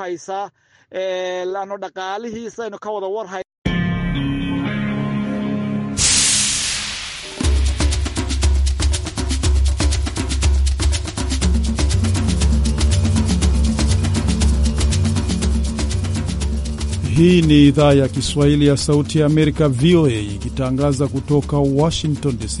haysa eh, laano dhaqaalihiisa inu ka wada war hay Hii ni idhaa ya Kiswahili ya Sauti ya Amerika, VOA, ikitangaza kutoka Washington DC.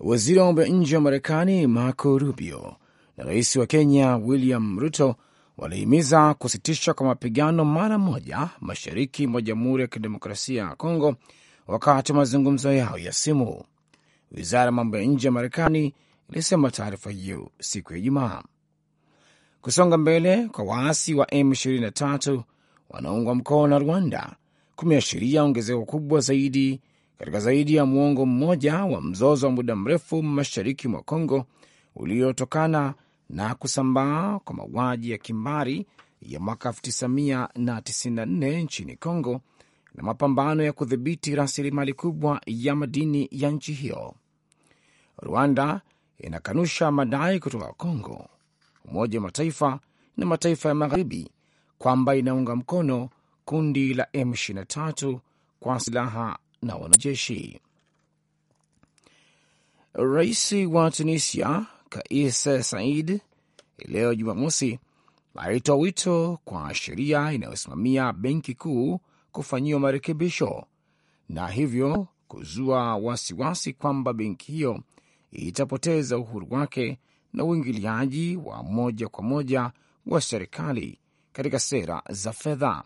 waziri wa mambo ya nje wa Marekani Marco Rubio na rais wa Kenya William Ruto walihimiza kusitishwa kwa mapigano mara moja mashariki mwa Jamhuri ya Kidemokrasia ya Kongo wakati wa mazungumzo yao ya simu. Wizara ya mambo ya nje ya Marekani ilisema taarifa hiyo siku ya Ijumaa. Kusonga mbele kwa waasi wa M23 wanaungwa mkono na Rwanda kumeashiria ongezeko kubwa zaidi katika zaidi ya muongo mmoja wa mzozo wa muda mrefu mashariki mwa congo uliotokana na kusambaa kwa mauaji ya kimbari ya mwaka 1994 nchini congo na mapambano ya kudhibiti rasilimali kubwa ya madini ya nchi hiyo. Rwanda inakanusha madai kutoka congo Umoja wa Mataifa na mataifa ya Magharibi kwamba inaunga mkono kundi la M23 kwa silaha na wanajeshi. Rais wa Tunisia Kais said leo Jumamosi alitoa wito kwa sheria inayosimamia benki kuu kufanyiwa marekebisho na hivyo kuzua wasiwasi kwamba benki hiyo itapoteza uhuru wake na uingiliaji wa moja kwa moja wa serikali katika sera za fedha.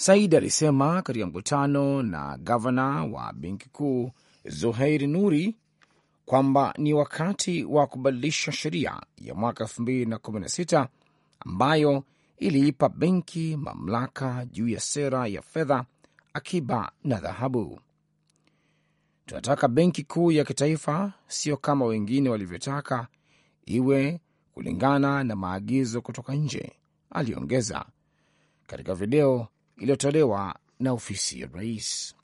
Said alisema katika mkutano na gavana wa benki kuu Zuhair Nuri kwamba ni wakati wa kubadilisha sheria ya mwaka 2016 ambayo iliipa benki mamlaka juu ya sera ya fedha, akiba na dhahabu. Tunataka benki kuu ya kitaifa, sio kama wengine walivyotaka, iwe kulingana na maagizo kutoka nje, aliongeza katika video iliyotolewa na ofisi ya rais.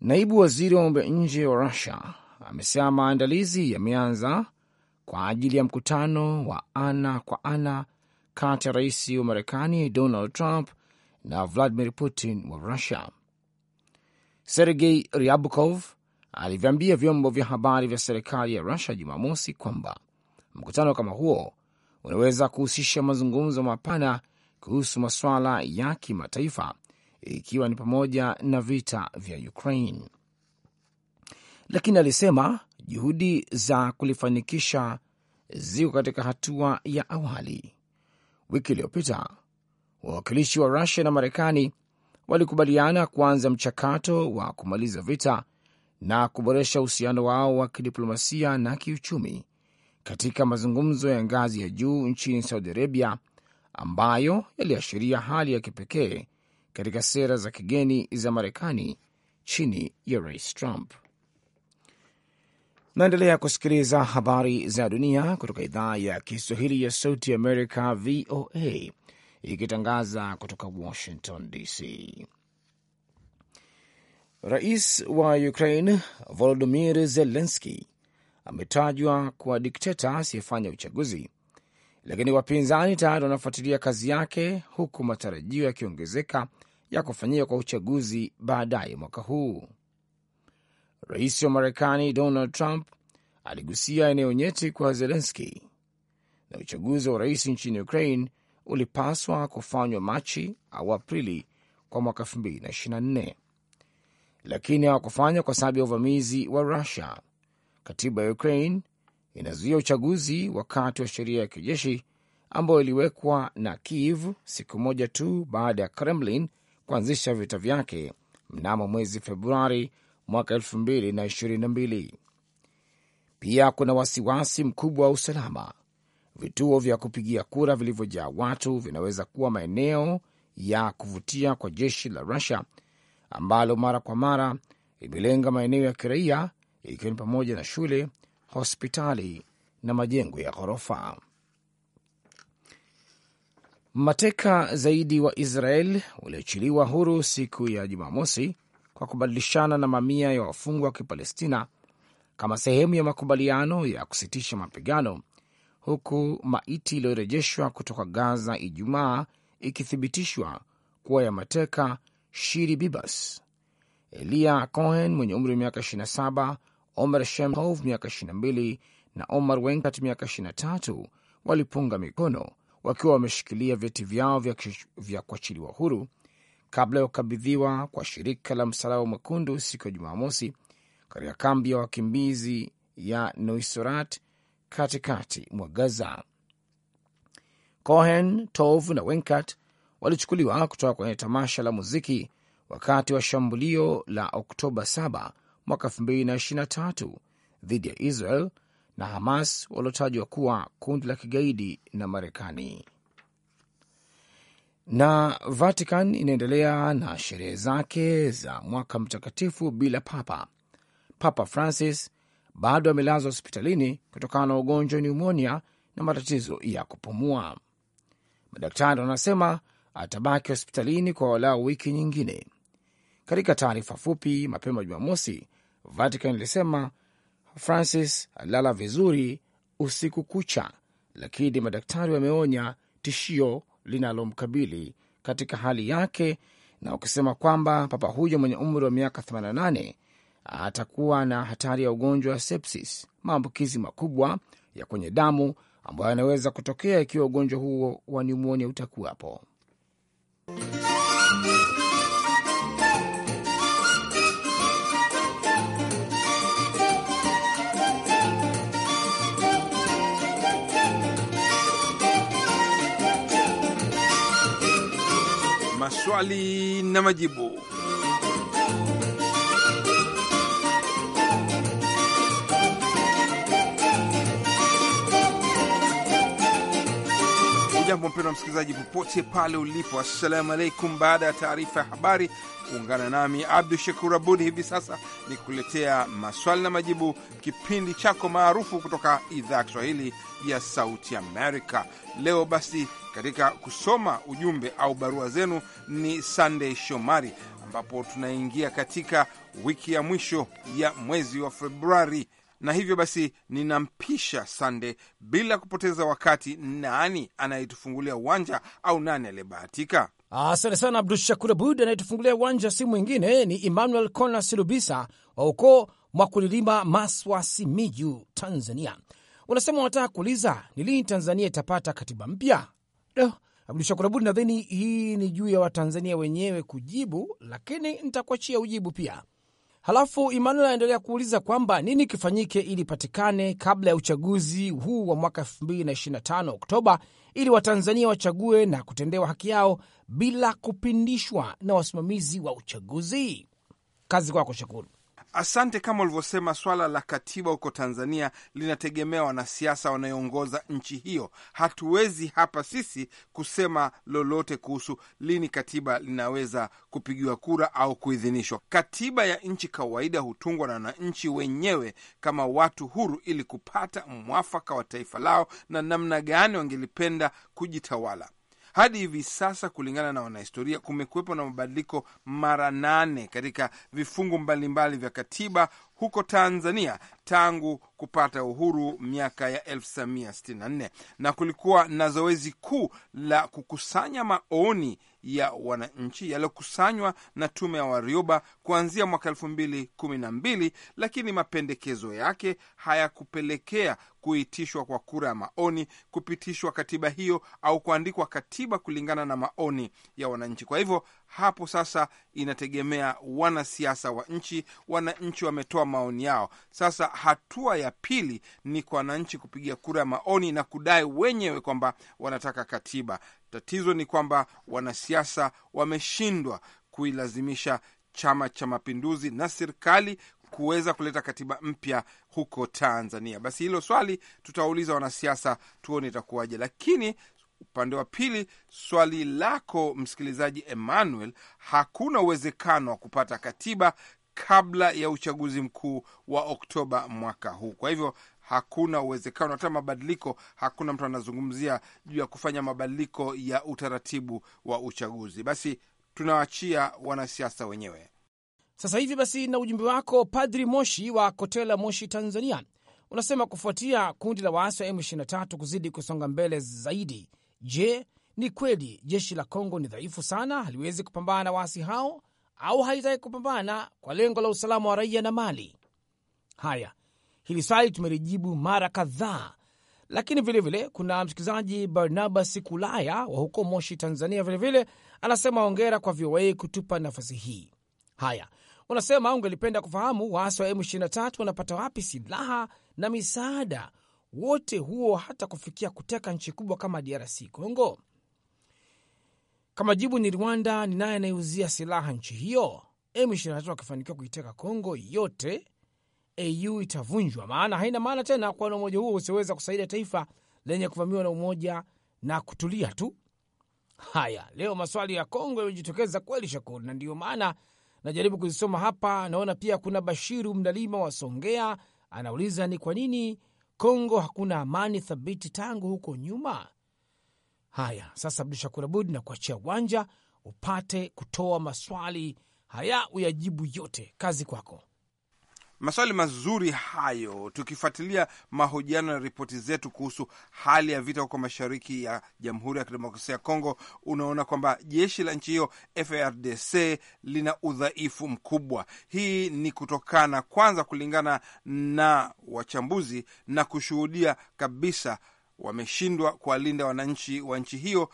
Naibu waziri wa mambo ya nje wa Rusia amesema maandalizi yameanza kwa ajili ya mkutano wa ana kwa ana kati ya rais wa Marekani Donald Trump na Vladimir Putin wa Russia. Sergei Ryabkov alivyambia vyombo vya habari vya serikali ya Rusia Jumamosi kwamba mkutano kama huo unaweza kuhusisha mazungumzo mapana kuhusu masuala ya kimataifa ikiwa ni pamoja na vita vya Ukraine, lakini alisema juhudi za kulifanikisha ziko katika hatua ya awali. Wiki iliyopita wawakilishi wa Rusia na Marekani walikubaliana kuanza mchakato wa kumaliza vita na kuboresha uhusiano wao wa kidiplomasia na kiuchumi katika mazungumzo ya ngazi ya juu nchini Saudi Arabia ambayo yaliashiria hali ya kipekee katika sera za kigeni za Marekani chini ya Rais Trump. Naendelea kusikiliza habari za dunia kutoka idhaa ya Kiswahili ya Sauti Amerika, VOA, ikitangaza kutoka Washington DC. Rais wa Ukraine Volodimir Zelenski ametajwa kuwa dikteta asiyefanya uchaguzi lakini wapinzani tayari wanafuatilia kazi yake, huku matarajio yakiongezeka ya kufanyika kwa uchaguzi baadaye mwaka huu. Rais wa Marekani Donald Trump aligusia eneo nyeti kwa Zelenski, na uchaguzi wa urais nchini Ukraine ulipaswa kufanywa Machi au Aprili kwa mwaka 2024 lakini hawakufanywa kwa sababu ya uvamizi wa Rusia. Katiba ya Ukraine inazuia uchaguzi wakati wa sheria ya kijeshi ambayo iliwekwa na Kiev siku moja tu baada ya Kremlin kuanzisha vita vyake mnamo mwezi Februari mwaka 2022. Pia kuna wasiwasi mkubwa wa usalama. Vituo vya kupigia kura vilivyojaa watu vinaweza kuwa maeneo ya kuvutia kwa jeshi la Rusia ambalo mara kwa mara limelenga maeneo ya kiraia ikiwa ni pamoja na shule, hospitali na majengo ya ghorofa. Mateka zaidi wa Israel walioachiliwa huru siku ya Jumamosi kwa kubadilishana na mamia ya wafungwa wa Kipalestina kama sehemu ya makubaliano ya kusitisha mapigano, huku maiti iliyorejeshwa kutoka Gaza Ijumaa ikithibitishwa kuwa ya mateka Shiri Bibas. Eliya Cohen mwenye umri wa miaka 27 Omar Shemhov miaka 22 na Omar Wenkat miaka 23 walipunga mikono wakiwa wameshikilia vyeti vyao vya, vya kuachiliwa huru kabla ya kukabidhiwa kwa shirika la Msalaba Mwekundu siku ya Jumamosi katika kambi ya wakimbizi ya Noisorat katikati mwa Gaza. Cohen, Tov na Wenkat walichukuliwa kutoka kwenye tamasha la muziki wakati wa shambulio la Oktoba mwaka 2023 dhidi ya Israel na Hamas waliotajwa kuwa kundi la kigaidi na Marekani. Na Vatican inaendelea na sherehe zake za mwaka mtakatifu bila papa. Papa Francis bado amelazwa hospitalini kutokana na ugonjwa wa na matatizo ya kupumua. Madaktari wanasema atabaki hospitalini kwa walau wiki nyingine. Katika taarifa fupi mapema Jumamosi, Vatican ilisema Francis alilala vizuri usiku kucha, lakini madaktari wameonya tishio linalomkabili katika hali yake na wakisema kwamba papa huyo mwenye umri wa miaka 88 atakuwa na hatari ya ugonjwa wa sepsis, maambukizi makubwa ya kwenye damu ambayo yanaweza kutokea ikiwa ugonjwa huo wa nimonia utakuwapo. maswali na majibu. Hujambo mpendwa msikilizaji, popote pale ulipo, assalamu alaikum. Baada ya taarifa ya habari, kuungana nami Abdu Shakur Abud hivi sasa ni kuletea maswali na majibu, kipindi chako maarufu kutoka idhaa ya Kiswahili ya Sauti Amerika. Leo basi, katika kusoma ujumbe au barua zenu, ni sandey Shomari, ambapo tunaingia katika wiki ya mwisho ya mwezi wa Februari na hivyo basi ninampisha Sande bila kupoteza wakati. Nani anayetufungulia uwanja au nani aliyebahatika? Asante sana Abdu Shakur Abud. Anayetufungulia uwanja si mwingine ni Emmanuel Kona Silubisa wa uko Mwakulilima, Maswa, Simiju, Tanzania. Unasema unataka kuuliza ni lini Tanzania itapata katiba mpya? Abdu Shakur Abud, nadhani hii ni juu ya Watanzania wenyewe kujibu, lakini nitakuachia ujibu pia. Halafu Imanuel anaendelea kuuliza kwamba nini kifanyike ili patikane kabla ya uchaguzi huu wa mwaka 2025 Oktoba, ili Watanzania wachague na kutendewa haki yao bila kupindishwa na wasimamizi wa uchaguzi. Kazi kwako Shakuru. Asante. Kama ulivyosema, swala la katiba huko Tanzania linategemea wanasiasa wanayoongoza nchi hiyo. Hatuwezi hapa sisi kusema lolote kuhusu lini katiba linaweza kupigiwa kura au kuidhinishwa. Katiba ya nchi kawaida hutungwa na wananchi wenyewe kama watu huru, ili kupata mwafaka wa taifa lao na namna gani wangelipenda kujitawala. Hadi hivi sasa, kulingana na wanahistoria, kumekuwepo na mabadiliko mara nane katika vifungu mbalimbali mbali vya katiba huko Tanzania tangu kupata uhuru miaka ya 1964 na kulikuwa na zoezi kuu la kukusanya maoni ya wananchi yaliyokusanywa na tume ya Warioba kuanzia mwaka elfu mbili kumi na mbili, lakini mapendekezo yake hayakupelekea kuitishwa kwa kura ya maoni, kupitishwa katiba hiyo au kuandikwa katiba kulingana na maoni ya wananchi. Kwa hivyo hapo sasa inategemea wanasiasa wa nchi, wananchi wametoa maoni yao. Sasa hatua ya pili ni kwa wananchi kupigia kura ya maoni na kudai wenyewe kwamba wanataka katiba. Tatizo ni kwamba wanasiasa wameshindwa kuilazimisha Chama cha Mapinduzi na serikali kuweza kuleta katiba mpya huko Tanzania. Basi hilo swali tutawauliza wanasiasa, tuone itakuwaje. Lakini upande wa pili, swali lako msikilizaji Emmanuel, hakuna uwezekano wa kupata katiba kabla ya uchaguzi mkuu wa Oktoba mwaka huu. Kwa hivyo hakuna uwezekano hata mabadiliko. Hakuna mtu anazungumzia juu ya kufanya mabadiliko ya utaratibu wa uchaguzi. Basi tunawachia wanasiasa wenyewe. Sasa hivi basi, na ujumbe wako Padri Moshi wa Kotela, Moshi, Tanzania, unasema kufuatia kundi la waasi wa M23 kuzidi kusonga mbele zaidi, je, ni kweli jeshi la Kongo ni dhaifu sana, haliwezi kupambana na waasi hao, au halitaki kupambana kwa lengo la usalama wa raia na mali? Haya, Hili swali tumelijibu mara kadhaa, lakini vilevile vile, kuna msikilizaji Barnabas Kulaya wa huko Moshi, Tanzania, vilevile vile, anasema ongera kwa VOA kutupa nafasi hii. Haya, unasema ungelipenda kufahamu waasi wa M23 wanapata wapi silaha na misaada wote huo hata kufikia kuteka nchi kubwa kama DRC Congo? Kama jibu ni Rwanda, ni naye silaha nchi hiyo. M23 wakifanikiwa kuiteka Congo yote AU itavunjwa, maana haina maana tena kuwa na umoja huo usioweza kusaidia taifa lenye kuvamiwa na umoja na kutulia tu. Haya, leo maswali ya Kongo yamejitokeza kweli, Shakuru, na ndiyo maana najaribu kuzisoma hapa. Naona pia kuna Bashiru Mdalima wa Songea anauliza ni kwa nini Kongo hakuna amani thabiti tangu huko nyuma. Haya, sasa Abdu Shakur Abud, na kuachia uwanja upate kutoa maswali haya uyajibu yote. Kazi kwako. Maswali mazuri hayo, tukifuatilia mahojiano na ripoti zetu kuhusu hali ya vita huko mashariki ya Jamhuri ya Kidemokrasia ya Kongo. Unaona kwamba jeshi la nchi hiyo FARDC lina udhaifu mkubwa. Hii ni kutokana kwanza, kulingana na wachambuzi na kushuhudia kabisa, wameshindwa kuwalinda wananchi wa nchi hiyo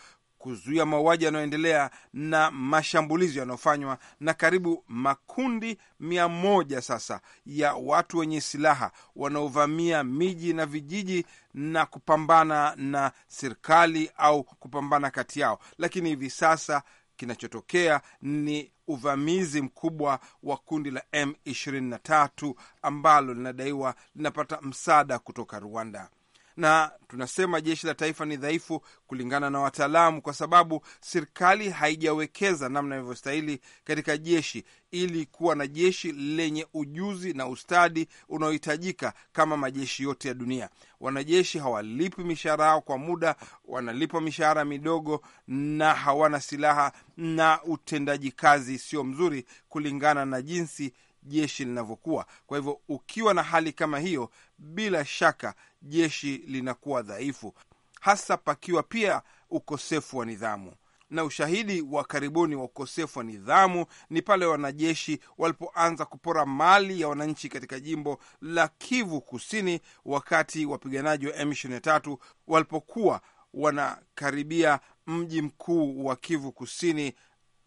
kuzuia mauaji yanayoendelea na mashambulizi yanayofanywa na karibu makundi mia moja sasa ya watu wenye silaha wanaovamia miji na vijiji na kupambana na serikali au kupambana kati yao, lakini hivi sasa kinachotokea ni uvamizi mkubwa wa kundi la M23 ambalo linadaiwa linapata msaada kutoka Rwanda na tunasema jeshi la taifa ni dhaifu kulingana na wataalamu, kwa sababu serikali haijawekeza namna inavyostahili katika jeshi ili kuwa na jeshi lenye ujuzi na ustadi unaohitajika kama majeshi yote ya dunia. Wanajeshi hawalipi mishahara yao kwa muda, wanalipwa mishahara midogo na hawana silaha, na utendaji kazi sio mzuri kulingana na jinsi jeshi linavyokuwa. Kwa hivyo ukiwa na hali kama hiyo, bila shaka jeshi linakuwa dhaifu, hasa pakiwa pia ukosefu wa nidhamu. Na ushahidi wa karibuni wa ukosefu wa nidhamu ni pale wanajeshi walipoanza kupora mali ya wananchi katika jimbo la Kivu Kusini, wakati wapiganaji wa M23 walipokuwa wanakaribia mji mkuu wa Kivu Kusini,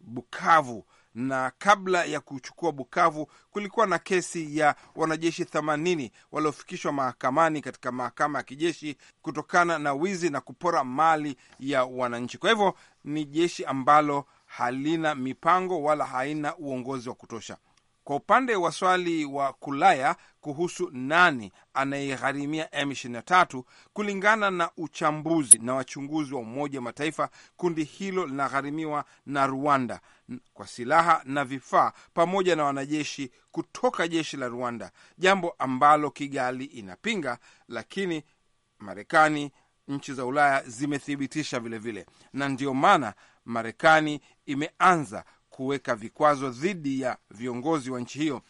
Bukavu na kabla ya kuchukua Bukavu kulikuwa na kesi ya wanajeshi 80 waliofikishwa mahakamani katika mahakama ya kijeshi kutokana na wizi na kupora mali ya wananchi. Kwa hivyo ni jeshi ambalo halina mipango wala haina uongozi wa kutosha. Kwa upande wa swali wa Kulaya kuhusu nani anayegharimia M23, kulingana na uchambuzi na wachunguzi wa Umoja wa Mataifa, kundi hilo linagharimiwa na Rwanda kwa silaha na vifaa pamoja na wanajeshi kutoka jeshi la Rwanda, jambo ambalo Kigali inapinga, lakini Marekani, nchi za Ulaya zimethibitisha vilevile, na ndio maana Marekani imeanza kuweka vikwazo dhidi ya viongozi wa nchi hiyo.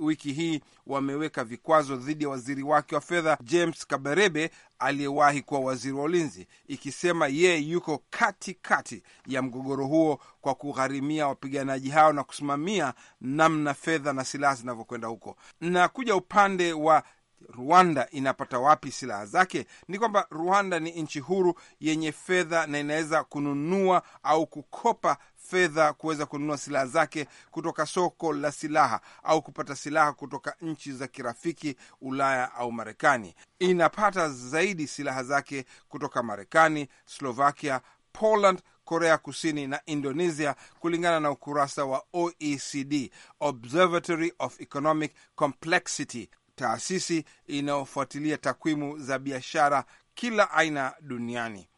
Wiki hii wameweka vikwazo dhidi ya waziri wake wa fedha James Kabarebe aliyewahi kuwa waziri wa ulinzi, ikisema yeye yuko katikati kati ya mgogoro huo kwa kugharimia wapiganaji hao na kusimamia namna fedha na silaha zinavyokwenda huko. Na kuja upande wa Rwanda inapata wapi silaha zake? Ni kwamba Rwanda ni nchi huru yenye fedha na inaweza kununua au kukopa fedha kuweza kununua silaha zake kutoka soko la silaha au kupata silaha kutoka nchi za kirafiki Ulaya au Marekani. Inapata zaidi silaha zake kutoka Marekani, Slovakia, Poland, Korea Kusini na Indonesia, kulingana na ukurasa wa OECD, Observatory of Economic Complexity taasisi inayofuatilia takwimu za biashara kila aina duniani.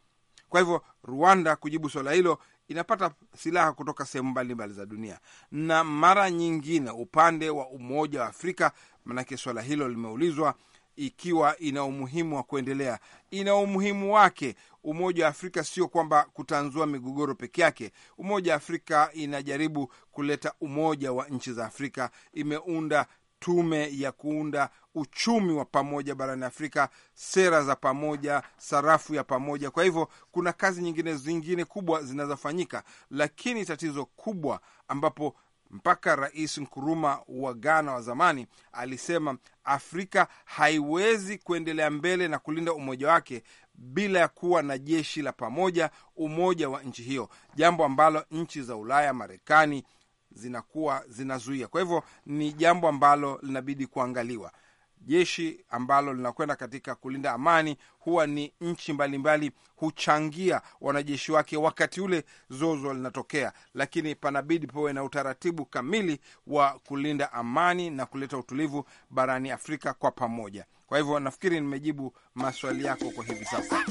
Kwa hivyo, Rwanda kujibu suala hilo inapata silaha kutoka sehemu mbalimbali za dunia na mara nyingine upande wa Umoja wa Afrika, manake suala hilo limeulizwa ikiwa ina umuhimu wa kuendelea. Ina umuhimu wake. Umoja wa Afrika sio kwamba kutanzua migogoro peke yake. Umoja wa Afrika inajaribu kuleta umoja wa nchi za Afrika, imeunda tume ya kuunda uchumi wa pamoja barani Afrika, sera za pamoja, sarafu ya pamoja. Kwa hivyo kuna kazi nyingine zingine kubwa zinazofanyika, lakini tatizo kubwa ambapo mpaka Rais Nkuruma wa Ghana wa zamani alisema Afrika haiwezi kuendelea mbele na kulinda umoja wake bila ya kuwa na jeshi la pamoja, umoja wa nchi hiyo, jambo ambalo nchi za Ulaya, Marekani zinakuwa zinazuia. Kwa hivyo ni jambo ambalo linabidi kuangaliwa. Jeshi ambalo linakwenda katika kulinda amani, huwa ni nchi mbalimbali huchangia wanajeshi wake wakati ule zozo linatokea, lakini panabidi pawe na utaratibu kamili wa kulinda amani na kuleta utulivu barani Afrika kwa pamoja. Kwa hivyo nafikiri nimejibu maswali yako kwa hivi sasa.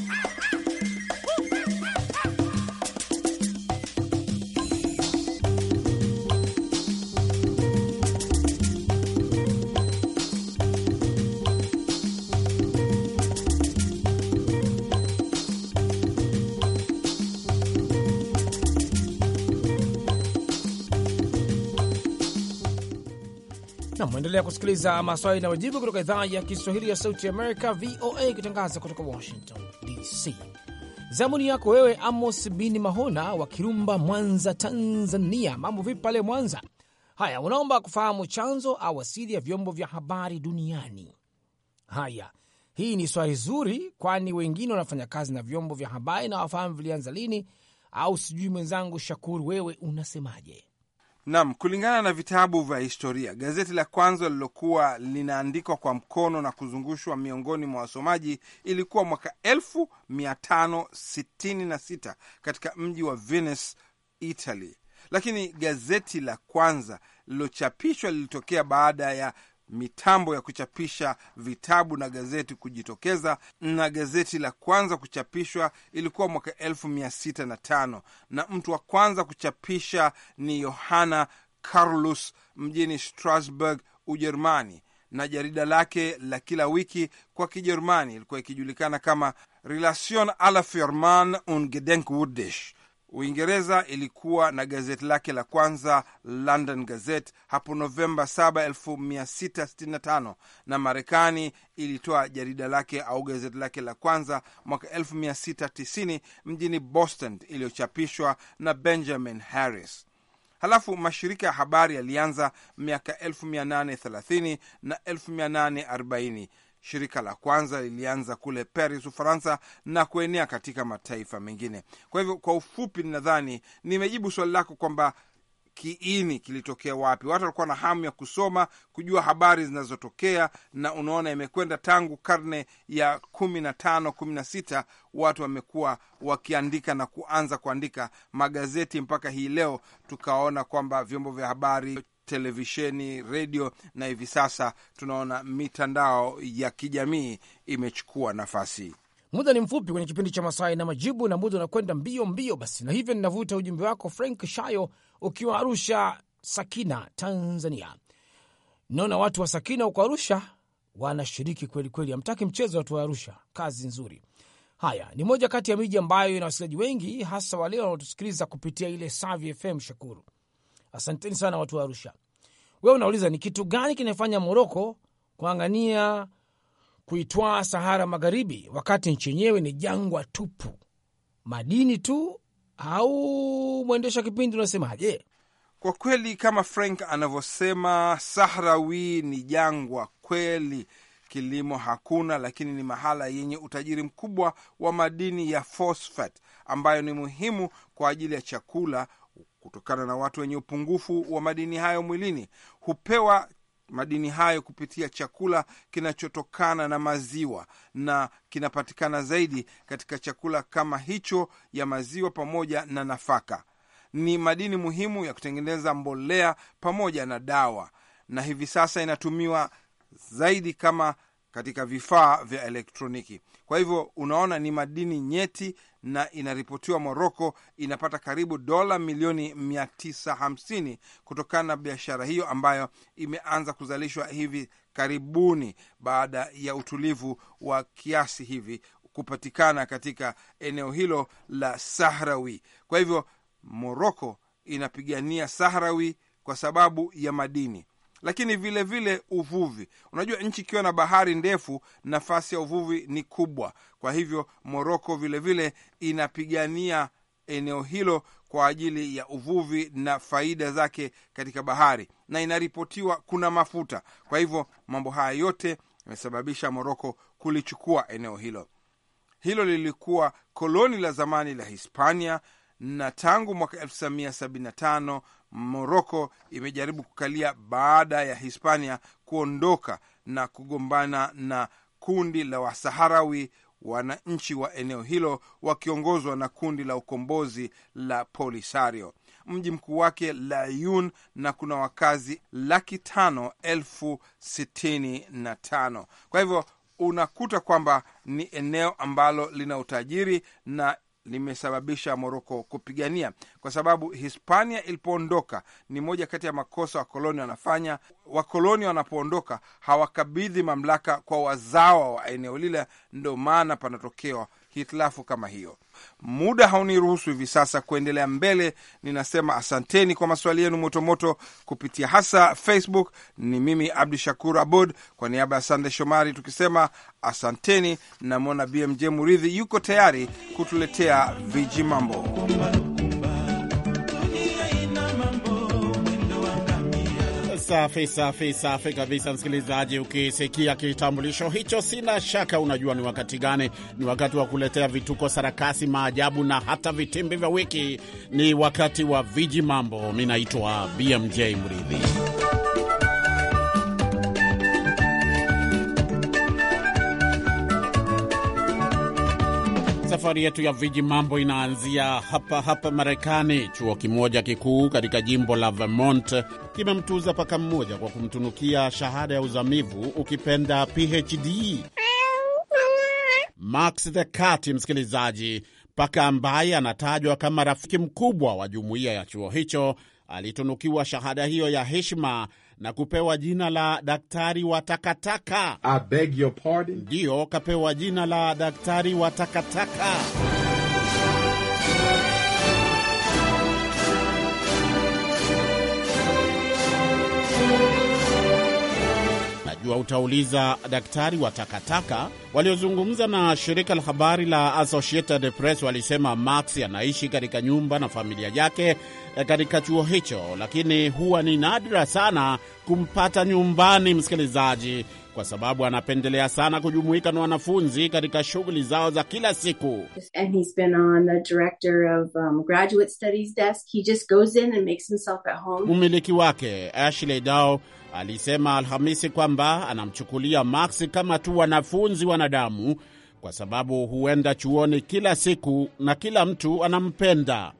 na mwendelea kusikiliza maswali na majibu kutoka idhaa ya Kiswahili ya Sauti Amerika, VOA, ikitangaza kutoka Washington DC. Zamuni yako wewe Amos Bini Mahona wa Kirumba, Mwanza, Tanzania. Mambo vipi pale Mwanza? Haya, unaomba kufahamu chanzo au asili ya vyombo vya habari duniani. Haya, hii ni swali zuri, kwani wengine wanafanya kazi na vyombo vya habari na wafahamu vilianza lini, au sijui. Mwenzangu Shakuru, wewe unasemaje? Nam, kulingana na vitabu vya historia, gazeti la kwanza lililokuwa linaandikwa kwa mkono na kuzungushwa miongoni mwa wasomaji ilikuwa mwaka 1566 katika mji wa Venice, Italy, lakini gazeti la kwanza lilochapishwa lilitokea baada ya mitambo ya kuchapisha vitabu na gazeti kujitokeza, na gazeti la kwanza kuchapishwa ilikuwa mwaka elfu mia sita na tano na mtu wa kwanza kuchapisha ni Yohana Carlus mjini Strasbourg, Ujerumani, na jarida lake la kila wiki kwa Kijerumani ilikuwa ikijulikana kama Relation aller Firman und Uingereza ilikuwa na gazeti lake la kwanza London Gazette hapo Novemba 7, 1665 na Marekani ilitoa jarida lake au gazeti lake la kwanza mwaka 1690 mjini Boston, iliyochapishwa na Benjamin Harris. Halafu mashirika ya habari yalianza miaka 1830 na 1840 Shirika la kwanza lilianza kule Paris, Ufaransa, na kuenea katika mataifa mengine. Kwa hivyo, kwa ufupi, ninadhani nimejibu swali lako kwamba kiini kilitokea wapi. Watu walikuwa na hamu ya kusoma, kujua habari zinazotokea, na unaona imekwenda tangu karne ya kumi na tano kumi na sita watu wamekuwa wakiandika na kuanza kuandika magazeti mpaka hii leo, tukaona kwamba vyombo vya habari televisheni, redio na hivi sasa tunaona mitandao ya kijamii imechukua nafasi. Muda ni mfupi kwenye kipindi cha maswali na majibu, na muda unakwenda mbio mbio. Basi na hivyo ninavuta ujumbe wako Frank Shayo ukiwa Arusha Sakina, Tanzania. Naona watu wa Sakina huko Arusha wanashiriki kwelikweli, amtaki mchezo watu wa Arusha. Kazi nzuri. Haya ni moja kati ya miji ambayo ina wasikilizaji wengi, hasa wale wanaotusikiliza kupitia ile Savi FM. Shukuru, asanteni sana watu wa Arusha wewe unauliza ni kitu gani kinafanya Moroko kuangania kuitwaa Sahara Magharibi wakati nchi yenyewe ni jangwa tupu, madini tu? Au mwendesha kipindi unasemaje? Kwa kweli, kama Frank anavyosema, Sahrawi ni jangwa kweli, kilimo hakuna, lakini ni mahala yenye utajiri mkubwa wa madini ya fosfati ambayo ni muhimu kwa ajili ya chakula, Kutokana na watu wenye upungufu wa madini hayo mwilini hupewa madini hayo kupitia chakula kinachotokana na maziwa na kinapatikana zaidi katika chakula kama hicho ya maziwa pamoja na nafaka. Ni madini muhimu ya kutengeneza mbolea pamoja na dawa, na hivi sasa inatumiwa zaidi kama katika vifaa vya elektroniki. Kwa hivyo unaona, ni madini nyeti na inaripotiwa Moroko inapata karibu dola milioni 950 kutokana na biashara hiyo ambayo imeanza kuzalishwa hivi karibuni baada ya utulivu wa kiasi hivi kupatikana katika eneo hilo la Sahrawi. Kwa hivyo Moroko inapigania Sahrawi kwa sababu ya madini lakini vile vile uvuvi. Unajua, nchi ikiwa na bahari ndefu, nafasi ya uvuvi ni kubwa. Kwa hivyo, Moroko vile vile inapigania eneo hilo kwa ajili ya uvuvi na faida zake katika bahari, na inaripotiwa kuna mafuta. Kwa hivyo, mambo haya yote yamesababisha Moroko kulichukua eneo hilo. Hilo lilikuwa koloni la zamani la Hispania na tangu mwaka 1975 Moroko imejaribu kukalia baada ya Hispania kuondoka na kugombana na kundi la Wasaharawi, wananchi wa eneo hilo wakiongozwa na kundi la ukombozi la Polisario. Mji mkuu wake Layun, na kuna wakazi laki tano elfu sitini na tano. Kwa hivyo unakuta kwamba ni eneo ambalo lina utajiri na limesababisha Moroko kupigania, kwa sababu Hispania ilipoondoka ni moja kati ya makosa wakoloni wanafanya. Wakoloni wanapoondoka hawakabidhi mamlaka kwa wazawa wa eneo lile, ndo maana panatokewa hitilafu kama hiyo muda hauniruhusu hivi sasa kuendelea mbele. Ninasema asanteni kwa maswali yenu motomoto kupitia hasa Facebook. Ni mimi Abdu Shakur Abud kwa niaba ya Sande Shomari tukisema asanteni. Namwona BMJ Muridhi yuko tayari kutuletea viji mambo. Safi safi safi kabisa, msikilizaji, ukisikia kitambulisho hicho, sina shaka unajua ni wakati gani. Ni wakati wa kuletea vituko, sarakasi, maajabu na hata vitimbi vya wiki. Ni wakati wa viji mambo. Mi naitwa BMJ Mridhi. Safari yetu ya viji mambo inaanzia hapa hapa Marekani. Chuo kimoja kikuu katika jimbo la Vermont kimemtuza paka mmoja kwa kumtunukia shahada ya uzamivu, ukipenda PhD. Max the Cat, msikilizaji, paka ambaye anatajwa kama rafiki mkubwa wa jumuiya ya chuo hicho, alitunukiwa shahada hiyo ya heshima na kupewa jina la daktari wa takataka. pardon? Ndiyo, kapewa jina la daktari wa takataka. Ikiwa utauliza daktari wa takataka waliozungumza na shirika la habari la Associated Press, walisema Max anaishi katika nyumba na familia yake e, katika chuo hicho, lakini huwa ni nadra sana kumpata nyumbani, msikilizaji, kwa sababu anapendelea sana kujumuika na wanafunzi katika shughuli zao za kila siku. Mmiliki um, wake Ashley Dao alisema Alhamisi kwamba anamchukulia Max kama tu wanafunzi wanadamu kwa sababu huenda chuoni kila siku na kila mtu anampenda.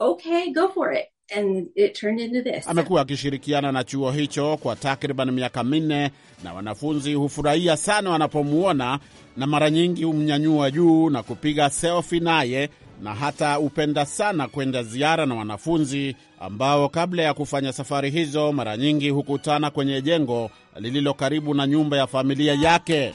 Uh, okay, go for it. And it turned into this. Amekuwa akishirikiana na chuo hicho kwa takriban miaka minne na wanafunzi hufurahia sana wanapomwona na mara nyingi humnyanyua juu na kupiga selfi naye na hata hupenda sana kwenda ziara na wanafunzi ambao kabla ya kufanya safari hizo mara nyingi hukutana kwenye jengo lililo karibu na nyumba ya familia yake.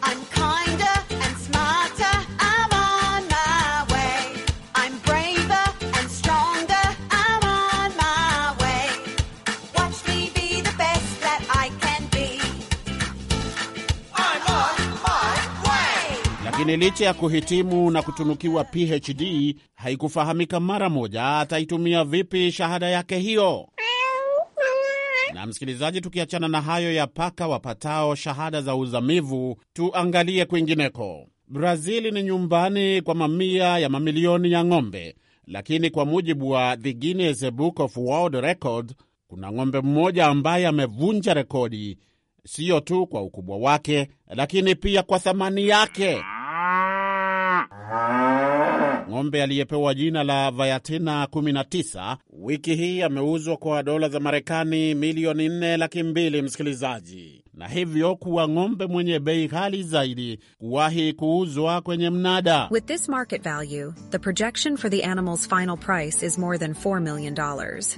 lakini licha ya kuhitimu na kutunukiwa PhD haikufahamika mara moja ataitumia vipi shahada yake hiyo. Na msikilizaji, tukiachana na hayo ya paka wapatao shahada za uzamivu, tuangalie kwingineko. Brazili ni nyumbani kwa mamia ya mamilioni ya ng'ombe, lakini kwa mujibu wa The Guinness Book of World Record kuna ng'ombe mmoja ambaye amevunja rekodi, siyo tu kwa ukubwa wake, lakini pia kwa thamani yake. Ng'ombe aliyepewa jina la Vayatina 19 wiki hii ameuzwa kwa dola za Marekani milioni 4 laki mbili, msikilizaji, na hivyo kuwa ng'ombe mwenye bei ghali zaidi kuwahi kuuzwa kwenye mnada. With this market value, the projection for the animal's final price is more than $4 million.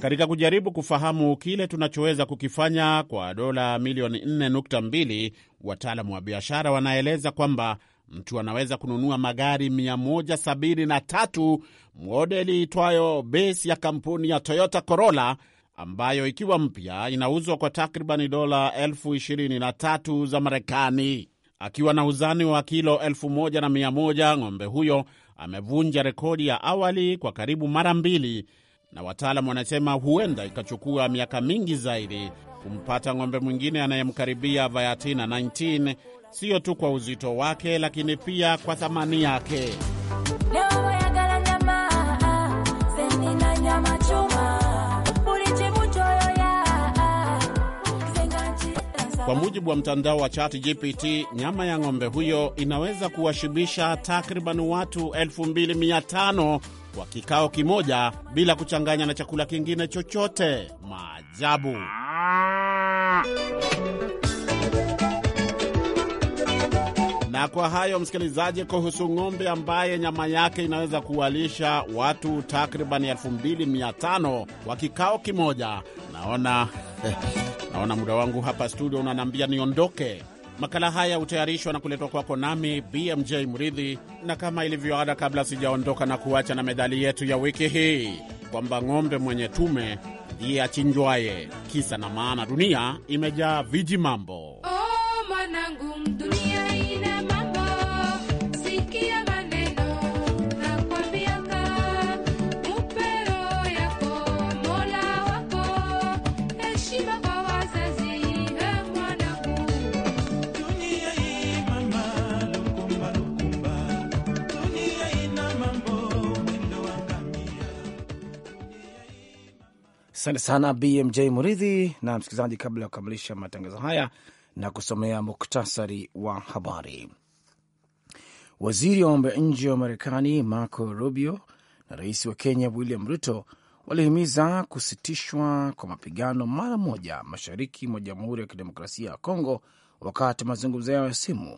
Katika kujaribu kufahamu kile tunachoweza kukifanya kwa dola milioni 4.2, wataalamu wa biashara wanaeleza kwamba mtu anaweza kununua magari 173 modeli itwayo besi ya kampuni ya Toyota Corolla ambayo ikiwa mpya inauzwa kwa takribani dola elfu ishirini na tatu za Marekani. Akiwa na uzani wa kilo elfu moja na mia moja, ng'ombe huyo amevunja rekodi ya awali kwa karibu mara mbili, na wataalamu wanasema huenda ikachukua miaka mingi zaidi kumpata ng'ombe mwingine anayemkaribia Vayatina 19 sio tu kwa uzito wake, lakini pia kwa thamani yake. Kwa mujibu wa mtandao wa chat gpt nyama ya ng'ombe huyo inaweza kuwashibisha takriban watu 2500 kwa kikao kimoja bila kuchanganya na chakula kingine chochote. Maajabu! kwa hayo, msikilizaji, kuhusu ng'ombe ambaye nyama yake inaweza kuwalisha watu takriban elfu wa kwa kikao kimoja, naona naona muda wangu hapa studio unaniambia niondoke. Makala haya hutayarishwa na kuletwa kwako nami BMJ Mridhi, na kama ilivyoada, kabla sijaondoka na kuacha na medali yetu ya wiki hii kwamba ng'ombe mwenye tume ndiye achinjwaye. Kisa na maana, dunia imejaa viji mambo. Oh, Asante sana BMJ Muridhi na msikilizaji, kabla ya kukamilisha matangazo haya na kusomea muktasari wa habari. Waziri wa mambo ya nje wa Marekani Marco Rubio na rais wa Kenya William Ruto walihimiza kusitishwa kwa mapigano mara moja mashariki mwa Jamhuri ya Kidemokrasia ya Kongo wakati wa mazungumzo yao ya simu,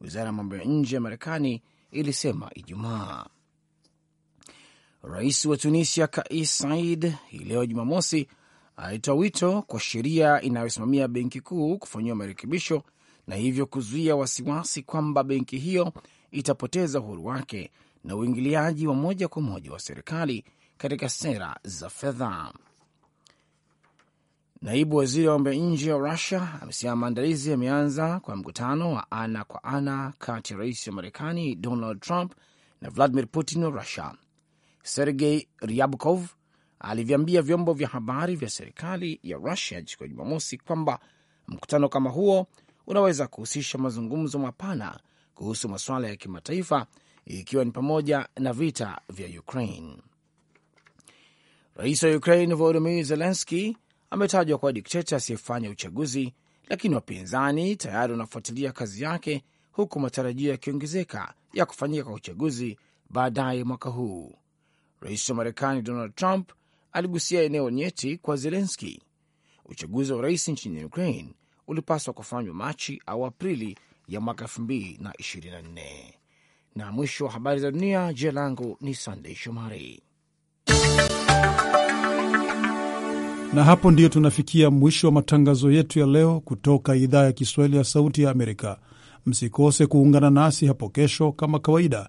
wizara ya mambo ya nje ya Marekani ilisema Ijumaa. Rais wa Tunisia Kais Said hii leo Jumamosi alitoa wito kwa sheria inayosimamia benki kuu kufanyiwa marekebisho na hivyo kuzuia wasiwasi kwamba benki hiyo itapoteza uhuru wake na uingiliaji wa moja kwa moja wa serikali katika sera za fedha. Naibu waziri wa mambo ya nje wa Rusia amesema maandalizi yameanza kwa mkutano wa ana kwa ana kati ya rais wa Marekani Donald Trump na Vladimir Putin wa Russia. Sergei Ryabkov aliviambia vyombo vya habari vya serikali ya Rusia siku ya Jumamosi kwamba mkutano kama huo unaweza kuhusisha mazungumzo mapana kuhusu masuala ya kimataifa ikiwa ni pamoja na vita vya Ukraine. Rais wa Ukraine Volodymyr Zelenski ametajwa kuwa dikteta asiyefanya uchaguzi, lakini wapinzani tayari wanafuatilia kazi yake, huku matarajio yakiongezeka ya kufanyika kwa uchaguzi baadaye mwaka huu. Rais wa Marekani Donald Trump aligusia eneo nyeti kwa Zelenski. Uchaguzi wa urais nchini Ukraine ulipaswa kufanywa Machi au Aprili ya mwaka 2024. Na mwisho wa habari za dunia. Jina langu ni Sandei Shomari, na hapo ndiyo tunafikia mwisho wa matangazo yetu ya leo kutoka idhaa ya Kiswahili ya Sauti ya Amerika. Msikose kuungana nasi hapo kesho kama kawaida